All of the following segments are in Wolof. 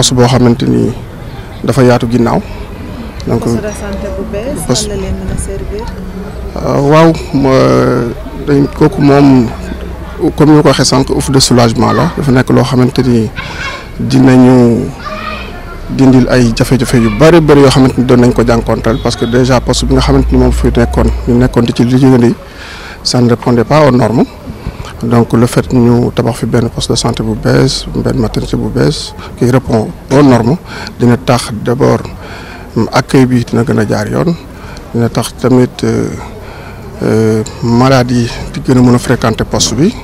poste boo xamante ni dafa yaatu ginnaaw. donc poste euh, waaw dañ kooku moom comme ni ko waxee sànq offre de soulagement la dafa nekk loo xamante ni dinañu dindil ay jafe-jafe yu bëri bëri yoo xamante ni doon nañ ko jànkonteel parce que déjà poste bi nga xamante ni moom fi nekkoon ñu nekkoon di ci liggéeyandi ça ne répondait pas aux normes. donc le fait ñu tabax fi benn poste de santé bu bes benn maternité bu bes qui répond aux normes dina tax d' abord accueil bi dina gën a jaar yoon dina tax tamit malade yi di gën a mën a fréquenter poste bi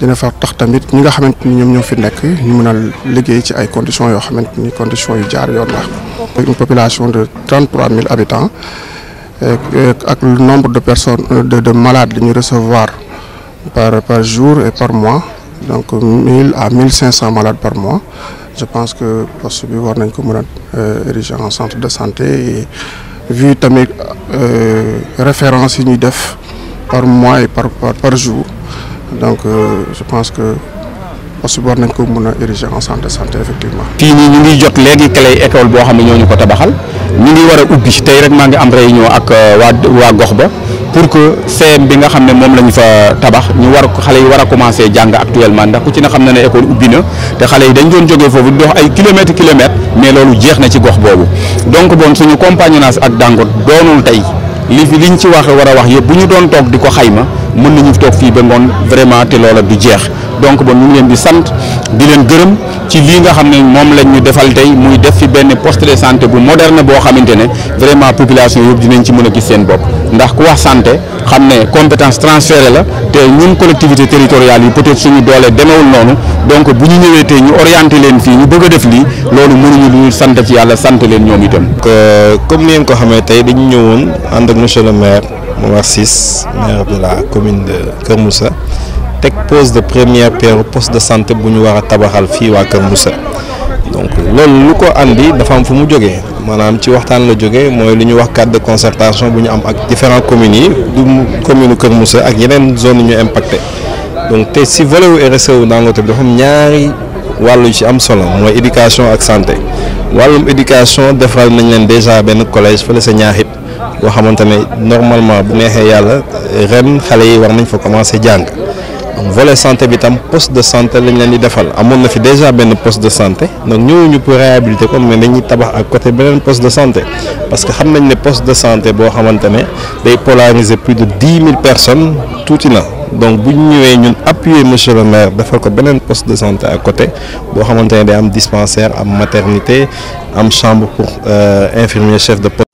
dina fa tax tamit ñi nga xamante ni ñoom ñoo fi nekk ñu mën a liggéey ci ay conditions yoo xamante ni conditions yu jaar yoon la. une population de trente trois mille habitants ak le nombre de personnes de de malades li ñu recevoir. par, par jour et par mois. Donc 1000 à 1500 malades par mois. Je pense que parce euh, que ériger en centre de santé et vu les euh, référence par mois et par jour donc euh, je pense que parce que en centre de santé effectivement. war a ubbi tey rek maa ngi am réunion ak euh, waa waa gox ba pour que CM bi nga xam ne moom la ñu fa tabax ñu war xale yi war a commencé jàng actuellement ndax ku ci na xam ne ne école ubbi na te xale yi dañ doon jógee foofu dox ay kilomètres kilomètres mais loolu jeex na ci gox boobu donc bon suñu compagnonnage ak Dangote doonul tey li fi ñu ci wax war a wax yëpp bu ñu doon toog di ko xayma. mën nañu toog fii ba ngoon vraiment te loola du jeex donc bon ñu leen di sant di leen gërëm ci lii nga xam ne moom lañ ñu defal tey muy def fi benn poste de santé bu moderne boo xamante ne vraiment population yëpp dinañ ci mën a gis seen bopp ndax ku wax santé xam ne compétence transférée la te ñun collectivité territoriale yi peut-être suñu doole demewul noonu donc bu ñu ñëwee tey ñu orienté leen fii ñu bëgg def lii loolu mënuñu lu ñu sant ci yàlla sant leen ñoom itam. Euh, comme ni ngeen ko xamee tey dañu ñëwoon ànd le maire. Momar Ciss maire de la commune de Kër Moussa teg pose de première pierre poste de santé bu ñu war a tabaxal fii waa Kër Moussa donc loolu lu ko andi dafa am fu mu jógee maanaam ci waxtaan la jógee mooy lu ñu wax cadre de concertation bu ñu am ak différents communes yi du commune Kër Moussa ak yeneen zone yi ñu impacte donc te si volet RSE wu Dangote bi dafa am ñaari. wàllu ci am solo moy éducation ak santé wàllum éducation defal nañ len déjà ben collège fële sa ñaaxit boo xamante normalement bu nexé yalla ren xalé yi war nañ fa commencer Donc volet santé bi tam poste de santé lañ len di defal amoon na fi déjà ben poste de santé donc ñëwuñu pour réhabiliter comme mais dañuy tabax ak côté benen poste de santé parce que xam nañ ne poste de santé bo xamante day polariser plus de dix mille personnes tout na. donc bu ñu ñëwee ñun appuyer monsieur le maire defal ko beneen poste de santé à côté boo xamante ne day am dispensaire am maternité am chambre pour euh, infirmier chef de poste